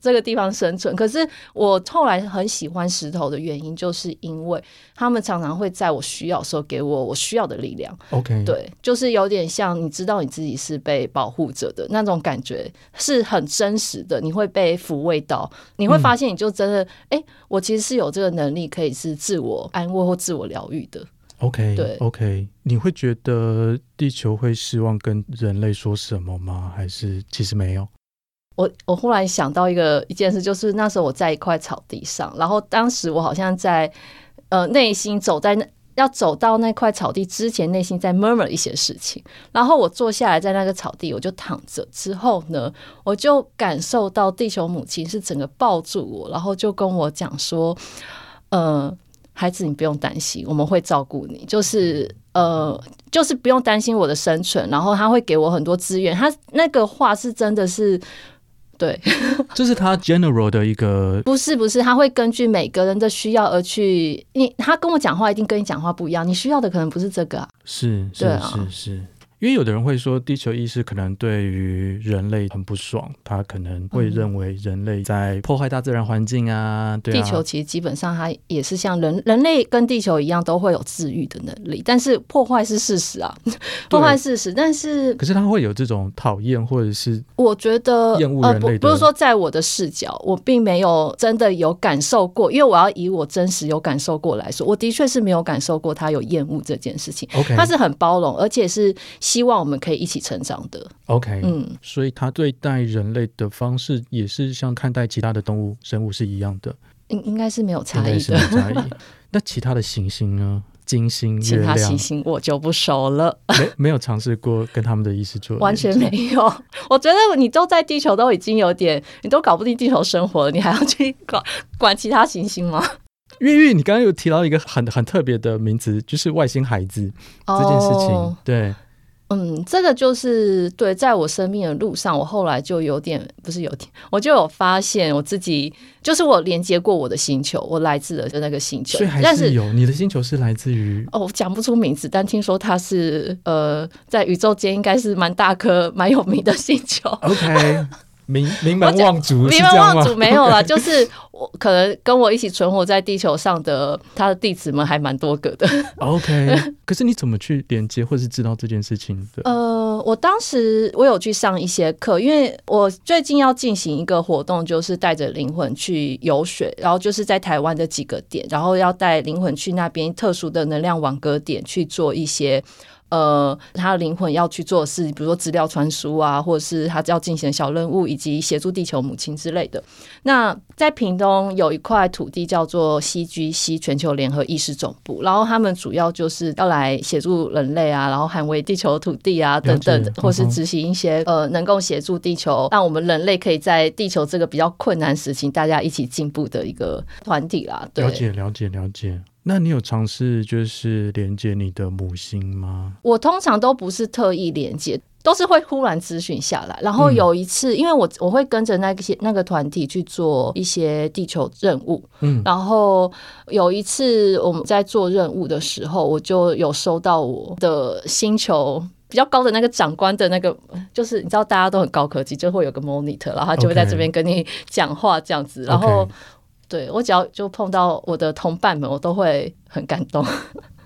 這個地方生存。可是我後來很喜歡石頭的原因，就是因為他們常常會在我需要的時候給我我需要的力量。OK，對，就是有點像你知道你自己是被保護著的那種感覺是很真實的，你會被撫慰到，你會發現你就真的，嗯欸、我其實是有這個能力，可以是自我安慰或自我療癒的。OK，對，OK，你會覺得地球會希望跟人類說什麼嗎？還是其實沒有？我我忽然想到一個一件事，就是那時候我在一塊草地上，然後當時我好像在呃內心走在那，要走到那塊草地之前，內心在 murmur 一些事情。然後我坐下來，在那個草地，我就躺着。之後呢，我就感受到地球母親是整個抱住我，然後就跟我講說：“呃，孩子，你不用擔心，我們會照顧你。就是呃，就是不用擔心我的生存，然後他會給我很多資源。”他，他那個話是真的是。對，這是他 general 的一個， 不是不是，他會根據每個人的需要而去，你他跟我講話一定跟你講話不一樣，你需要的可能不是這個，是，對啊，是是。因為有的人會說，地球意識可能對於人類很不爽，他可能會認為人類在破壞大自然環境啊。對啊。地球其實基本上它也是像人，人類跟地球一樣都會有自愈的能力，但是破壞是事實啊，對破壞事實。但是可是他會有這種討厭或者是我覺得呃，不不是說在我的視角，我並沒有真的有感受過，因為我要以我真實有感受過來說，我的確是沒有感受過他有厭惡這件事情。他 Okay. 是很包容，而且是。希望我們可以一起成長的。OK，嗯，所以他對待人類的方式也是像看待其他的動物生物是一樣的，應該是沒有差異的。應該是沒有差異。 那其他的行星呢？金星、其他行星我就不熟了， 沒沒有嘗試過跟他們的意思做，做，完全沒有。我覺得你都在地球都已經有點，你都搞不定地球生活，了，你還要去管管其他行星嗎？ 玉玉，你剛剛有提到一個很很特別的名詞，就是外星孩子這件、oh. 事情，對。嗯，這個就是對，在我生命的路上，我後來就有點不是有點，我就有發現我自己，就是我連接過我的星球，我來自的那個星球。所以還是有。但是你的星球是來自於，哦，我講不出名字，但聽說它是呃，在宇宙間應該是蠻大顆、蠻有名的星球。OK。 名名門望族是這樣嗎？名門望族沒有啦，Okay. 就是我可能跟我一起存活在地球上的他的弟子們還蠻多個的。OK， 可是你怎麼去連接或是知道這件事情的？呃，我當時我有去上一些課，因為我最近要進行一個活動，就是帶着靈魂去游水，然後就是在台灣的幾個點，然後要帶靈魂去那邊特殊的能量網格點去做一些。呃，他的靈魂要去做事，比如說資料傳輸啊，或者是他要進行的小任務，以及協助地球母親之類的。那在屏東有一塊土地叫做 CGC 全球聯合意識總部，然後他們主要就是要來協助人類啊，然後捍衛地球的土地啊，了解，等等，或是執行一些呵呵呃能夠協助地球，讓我們人類可以在地球這個比較困難時期大家一起進步的一個團體啦。對，了解，了解，了解。那你有嘗試就是連接你的母星嗎？我通常都不是特意連接，都是會忽然資訊下來。然後有一次，嗯、因為我我會跟着那些那個團體去做一些地球任務。嗯，然後有一次我們在做任務的時候，我就有收到我的星球比較高的那個長官的那個，就是你知道大家都很高科技，就會有個 monitor，然後他就會在這邊跟你講話這樣子。Okay. 然後。對，我只要就碰到我的同伴們，我都會很感動。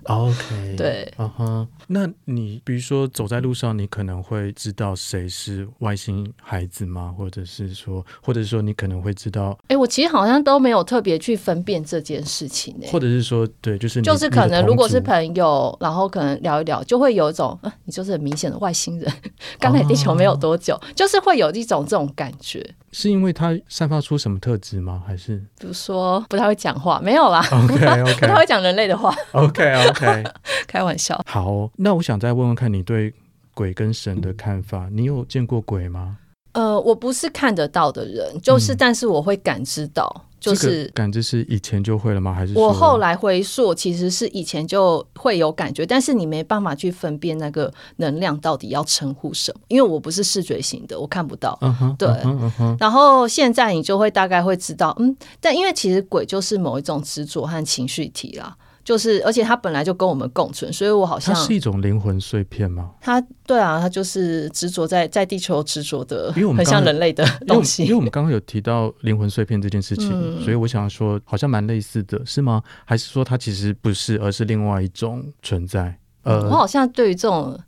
OK，對、uh，啊哈，那你比如說走在路上，你可能會知道誰是外星孩子嗎？或者是說，或者是說你可能會知道？哎、欸，我其實好像都沒有特別去分辨這件事情、欸。哎，或者是說，對，就是你就是可能如果是朋友，然後可能聊一聊，就會有一種，啊、你就是很明顯的外星人，剛來地球沒有多久，uh huh. 就是會有一種這種感覺。是因為他散發出什麼特質嗎？還是比如說不太會講話？沒有啦。Okay, okay. 不太會講人類的話。OK OK， 開玩笑。好，那我想再問問看你對鬼跟神的看法。嗯。你有見過鬼嗎？呃，我不是看得到的人，就是但是我會感知到。嗯就是這個感覺是以前就會了嗎？還是說我後來回溯，其實是以前就會有感覺，但是你沒辦法去分辨那個能量到底要稱呼什麼，因為我不是視覺型的，我看不到。嗯哼，對，嗯哼。嗯哼，然後現在你就會大概會知道，嗯，但因為其實鬼就是某一種執着和情緒體啦、啊。就是，而且它本來就跟我們共存，所以我好像它是一種靈魂碎片嗎？它對啊，它就是執着在在地球執着的，剛剛很像人類的東西因。因為我們剛剛有提到靈魂碎片這件事情，嗯、所以我想要說，好像蠻類似的是嗎？還是說它其實不是，而是另外一種存在？呃，我好像對於這種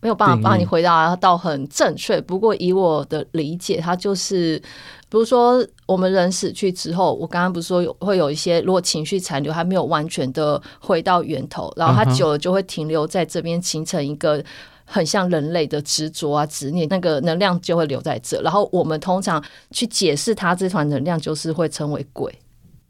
沒有辦法命幫你回答到很正確。不過以我的理解，它就是。比如說，我們人死去之後，我剛剛不是說有會有一些，如果情緒殘留還沒有完全的回到源頭，然後它久了就會停留在這邊，形成一個很像人類的執着啊、執念，那個能量就會留在這。然後我們通常去解釋它這團能量，就是會稱為鬼。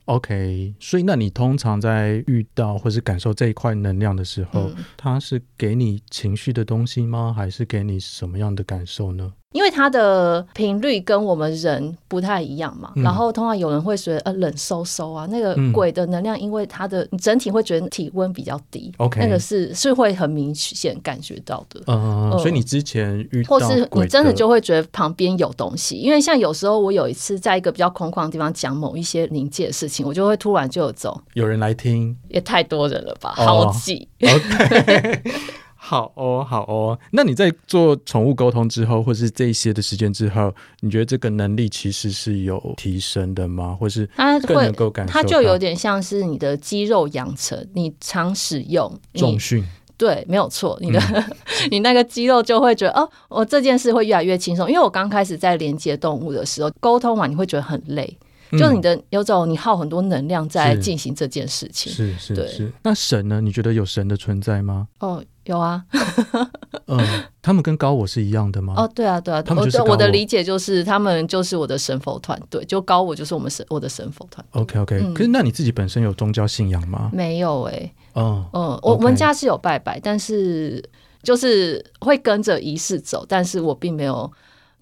OK，所以那你通常在遇到或是感受這一塊能量的時候，嗯、它是給你情緒的東西嗎？還是給你什麼樣的感受呢？因為它的頻率跟我們人不太一樣嘛，嗯、然後通常有人會覺得呃冷颼颼啊，那個鬼的能量，因為它的你、嗯、整體會覺得體溫比較低，OK，那個是是會很明顯感覺到的，嗯、uh, 呃，所以你之前遇到的，或是你真的就會覺得旁邊有東西，因為像有時候我有一次在一個比較空曠的地方講某一些靈界的事情，我就會突然就有走，有人來聽，也太多人了吧，好擠。好哦，好哦。那你在做寵物溝通之後，或是這一些的時間之後，你覺得這個能力其實是有提升的嗎？或是它更能夠感受它，它會，它就有點像是你的肌肉養成，你常使用，重訓訓對，沒有錯，你的、嗯、 你那個肌肉就會覺得哦，我這件事會越來越輕鬆。因為我剛開始在連接動物的時候，溝通完你會覺得很累。就是你的、嗯、有種你耗很多能量在進行這件事情，是是是,對是。那神呢？你覺得有神的存在嗎？哦，有啊。 嗯，他們跟高我是一樣的嗎？哦，對啊，對啊。我我的理解就是，他們就是我的神佛團隊，就高我就是我們神，我的神佛團隊。OK OK、嗯。可是那你自己本身有宗教信仰嗎？沒有誒、欸，哦哦，嗯、我我們家是有拜拜，但是就是會跟着儀式走，但是我並沒有。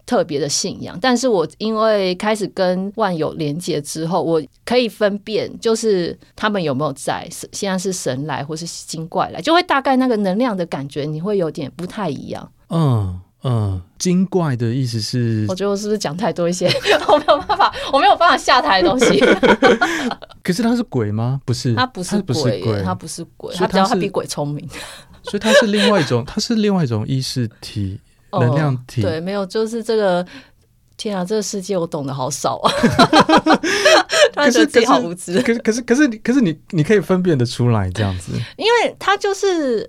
特別的信仰，但是我因為開始跟萬有連結之後，我可以分辨，就是他們有沒有在，現在是神來，或是精怪來，就會大概那個能量的感覺，你會有點不太一樣。嗯嗯，精怪的意思是，我覺得我是不是講太多一些？ 我沒有辦法， 我沒有辦法下台的東西。 可是他是鬼嗎？不是，他不是，他不是鬼，他不是鬼，他比較他比鬼聰明， 所以他是另外一種，他是另外一種意識體。能量體、哦、對，沒有，就是這個天啊，這個世界我懂得好少啊，突然 可是可是可是，可是你可是你你可以分辨得出來這樣子，因為它就是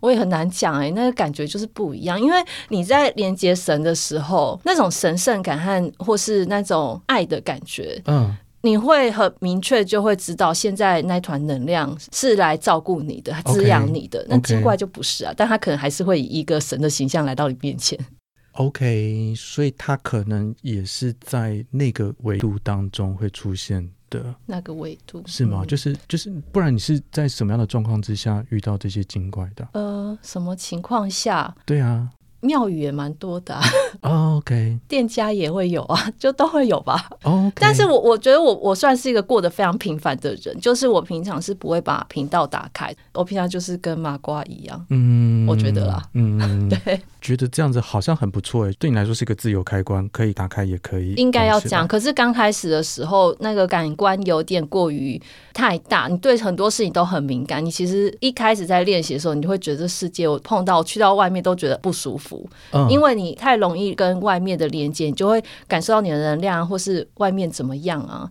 我也很難講哎、欸，那個感覺就是不一樣，因為你在連接神的時候，那種神聖感和或是那種愛的感覺，嗯。你會很明確就會知道，現在那團能量是來照顧你的、Okay, 滋養你的。那精怪就不是啊，Okay. 但他可能還是會以一個神的形象來到你面前。OK，所以他可能也是在那個維度當中會出現的。那個維度是嗎？就是、嗯、就是，就是、不然你是在什麼樣的狀況之下遇到這些精怪的？呃，什麼情況下？對啊。廟宇也蠻多的啊，OK，店家也會有啊，就都會有吧，OK。但是我我覺得我我算是一個過得非常平凡的人，就是我平常是不會把頻道打開，我平常就是跟麻瓜一樣，嗯，我覺得啦，嗯，對，覺得這樣子好像很不錯哎，對你來說是一個自由開關，可以打開也可以，應該要講。可是剛開始的時候，那個感官有點過於太大，你對很多事情都很敏感，你其實一開始在練習的時候，你會覺得這世界我碰到我去到外面都覺得不舒服。嗯。因為你太容易跟外面的連接，你就會感受到你的能量，或是外面怎麼樣啊。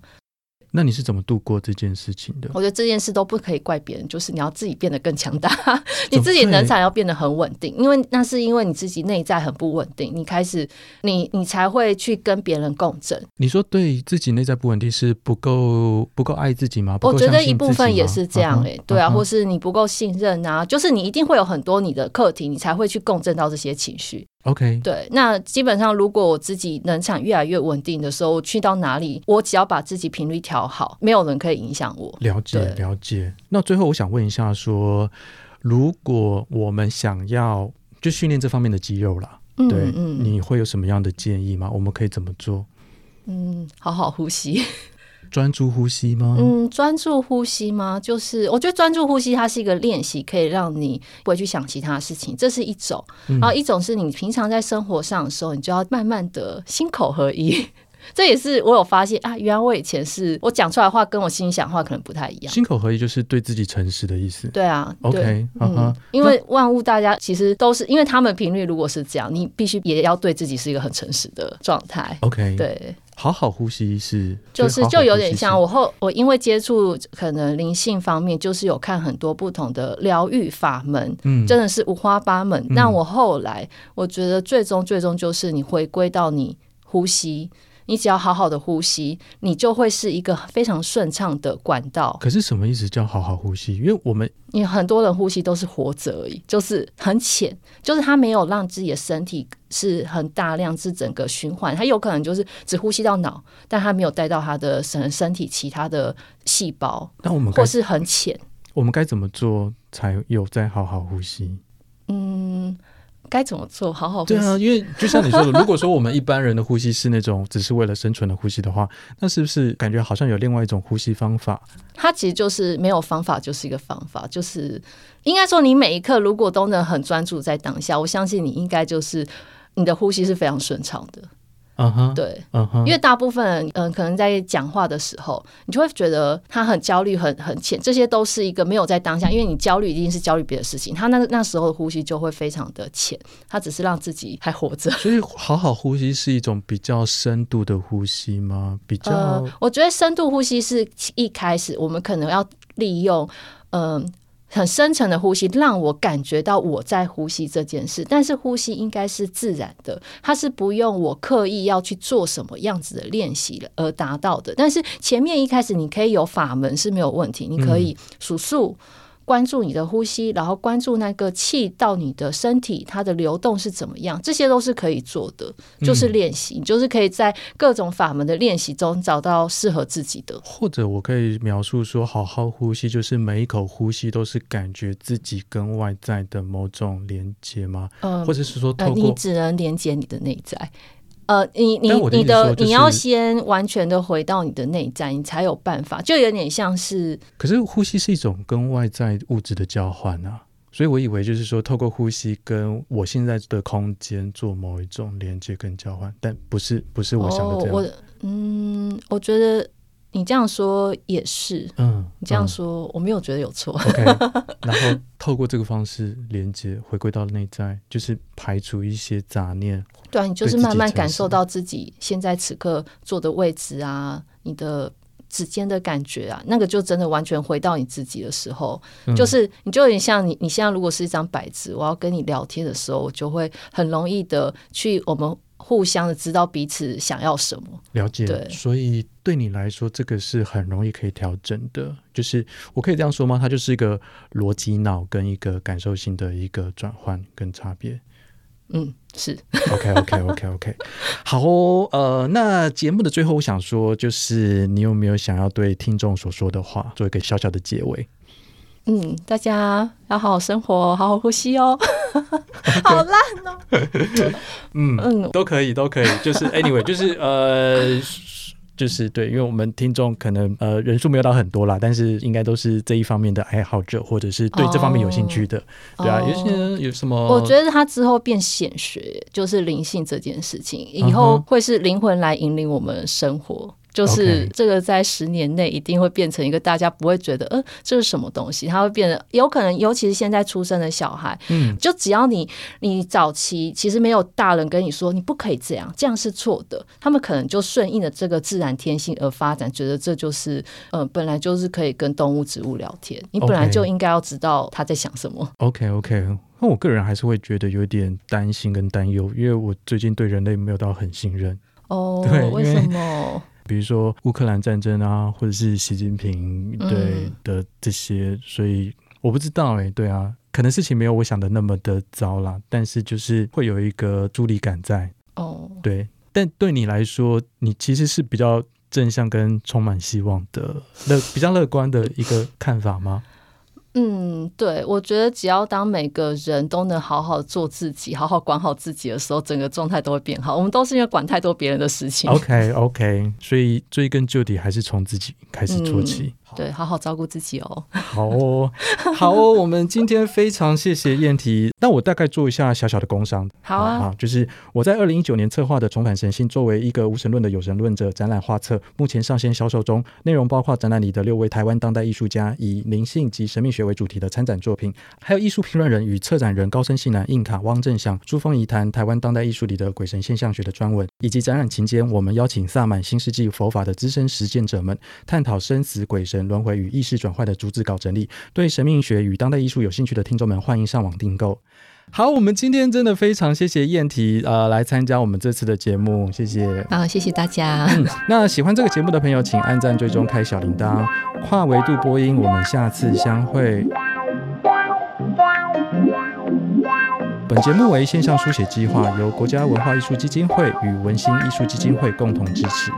那你是怎麼度過這件事情的？我覺得這件事都不可以怪別人，就是你要自己變得更強大， 你自己能場要變得很穩定，因為那是因為你自己內在很不穩定，你開始你你才會去跟別人共振。你說對自己內在不穩定是不夠不夠，不夠愛自己嗎？不夠相信自己嗎？我覺得一部分也是這樣誒、欸。啊哈對啊，啊哈或是你不夠信任啊，就是你一定會有很多你的課題，你才會去共振到這些情緒。OK，對，那基本上如果我自己能量越來越穩定的時候，我去到哪裡，我只要把自己頻率調好，沒有人可以影響我。了解。對了解。那最後我想問一下說，說如果我們想要就訓練這方面的肌肉啦，對，嗯，嗯，你會有什麼樣的建議嗎？我們可以怎麼做？嗯，好好呼吸。專注呼吸嗎？嗯，專注呼吸嗎？就是我覺得專注呼吸它是一個練習，可以讓你不會去想其他事情。這是一種，嗯、然後一種是你平常在生活上的時候，你就要慢慢的心口合一。 這也是我有發現啊，原來我以前是我講出來的話跟我心裡想的話可能不太一樣。心口合一就是對自己誠實的意思。對啊，OK，嗯，因為萬物大家其實都是，因為他們頻率如果是這樣，你必須也要對自己是一個很誠實的狀態。OK，對。好好呼吸是，就是就有點像好好我後我因為接觸可能靈性方面，就是有看很多不同的療癒法門，嗯，真的是五花八門。那，嗯，我後來我覺得最終最終就是你回歸到你呼吸。你只要好好的呼吸，你就會是一個非常順暢的管道。可是什麼意思叫好好呼吸？因為我們，你很多人呼吸都是活着而已，就是很淺，就是他沒有讓自己的身體是很大量，是整個循環。他有可能就是只呼吸到腦，但他沒有帶到他的身身體其他的細胞。那我們或是很淺，我們該怎麼做才有在好好呼吸？嗯。該怎麼做，好好呼吸？對啊，因為就像你說的， 如果說我們一般人的呼吸是那種只是為了生存的呼吸的話，那是不是感覺好像有另外一種呼吸方法？它其實就是沒有方法，就是一個方法，就是應該說你每一刻如果都能很專注在當下，我相信你應該就是你的呼吸是非常順暢的。嗯哼，uh、huh，對，嗯哼、uh，huh、因為大部分人嗯、呃，可能在講話的時候，你就會覺得他很焦慮，很很淺，這些都是一個沒有在當下，因為你焦慮一定是焦慮別的事情，他那那時候的呼吸就會非常的淺，他只是讓自己還活着。所以，好好呼吸是一種比較深度的呼吸嗎？比較，呃、我覺得深度呼吸是一開始我們可能要利用嗯。呃很深層的呼吸，讓我感覺到我在呼吸這件事。但是呼吸應該是自然的，它是不用我刻意要去做什麼樣子的練習了而達到的。但是前面一開始你可以有法門是沒有問題，你可以數數。嗯關注你的呼吸，然後關注那個氣到你的身體，它的流動是怎麼樣，這些都是可以做的，就是練習，嗯、你就是可以在各種法門的練習中找到適合自己的。或者我可以描述說，好好呼吸，就是每一口呼吸都是感覺自己跟外在的某種連接嗎？嗯、或者是說，透過、呃、你只能連接你的內在。呃，你你的你的，就是，你要先完全的回到你的內在，你才有辦法。就有點像是，可是呼吸是一種跟外在物質的交換啊，所以我以為就是說，透過呼吸跟我現在的空間做某一種連接跟交換，但不是不是我想的這樣。哦，我嗯，我覺得你這樣說也是，嗯，你這樣說我沒有覺得有錯，嗯。 okay, 然後。 透過這個方式連接，回歸到內在，就是排除一些雜念。對、啊，你就是慢慢感受到自己現在此刻坐的位置啊，你的指尖的感覺啊，那個就真的完全回到你自己的時候，嗯、就是你就有點像你你現在如果是一張白紙，我要跟你聊天的時候，我就會很容易的去我們。互相的知道彼此想要什麼，了解，對所以對你來說，這個是很容易可以調整的。就是我可以這樣說嗎？它就是一個邏輯腦跟一個感受性的一個轉換跟差別。嗯，是。OK OK OK OK， 好哦，呃，那節目的最後，我想說，就是你有沒有想要對聽眾所說的話做一個小小的結尾？嗯，大家要好好生活，好好呼吸哦。Okay. 好爛哦。嗯 嗯，都可以，都可以。就是 anyway， 就是呃，就是對，因為我們聽眾可能呃人數沒有到很多啦，但是應該都是這一方面的愛好者，或者是對這方面有興趣的。Oh, 對啊，有些人，oh, 有什麼？我覺得他之後變顯學，就是靈性這件事情，以後會是靈魂來引領我們生活。Uh huh. 就是這個在十年內一定會變成一個大家不會覺得，呃，這是什麼東西？它會變得有可能，尤其是現在出生的小孩，嗯，就只要你你早期其實沒有大人跟你說你不可以這樣，這樣是錯的，他們可能就順應了這個自然天性而發展，覺得這就是，嗯、呃，本來就是可以跟動物植物聊天，Okay. 你本來就應該要知道他在想什麼。OK OK，那我個人還是會覺得有點擔心跟擔憂，因為我最近對人類沒有到很信任哦，對，為什麼？比如說烏克蘭戰爭啊，或者是習近平，對，的這些，嗯、所以我不知道哎、欸，對啊，可能事情沒有我想的那麼的糟啦，但是就是會有一個助力感在。哦，對，但對你來說，你其實是比較正向跟充滿希望的，樂，比較樂觀的一個看法嗎？嗯，對，我覺得只要當每個人都能好好做自己，好好管好自己的時候，整個狀態都會變好。我們都是因為管太多別人的事情。OK，OK，okay, okay. 所以追根究底還是從自己開始做起。嗯。對，好好照顧自己哦。好哦，好哦， 我們今天非常謝謝晏緹。那我大概做一下小小的工商。好啊，啊，就是我在二零一九年策劃的《重返神性》，作為一個無神論的有神論者，展覽畫冊目前上線銷售中。內容包括展覽裡的六位台灣當代藝術家以靈性及神秘學為主題的參展作品，還有藝術評論人與策展人高森信男、印卡、汪正翔、朱峰誼談《台灣當代藝術裡的鬼神現象學》的專文，以及展覽期間我們邀請薩滿新世紀佛法的資深實踐者們探討生死鬼神、輪迴與意識轉換的逐字稿整理。對神秘學與當代藝術有興趣的聽眾們，歡迎上網訂購。好，我們今天真的非常謝謝晏緹，呃，來參加我們這次的節目，謝謝。好，謝謝大家、嗯。那喜歡這個節目的朋友，請按讚、追蹤開小鈴鐺。跨維度播音，我們下次相會。本節目為現象書寫計劃，由國家文化藝術基金會與文心藝術基金會共同支持。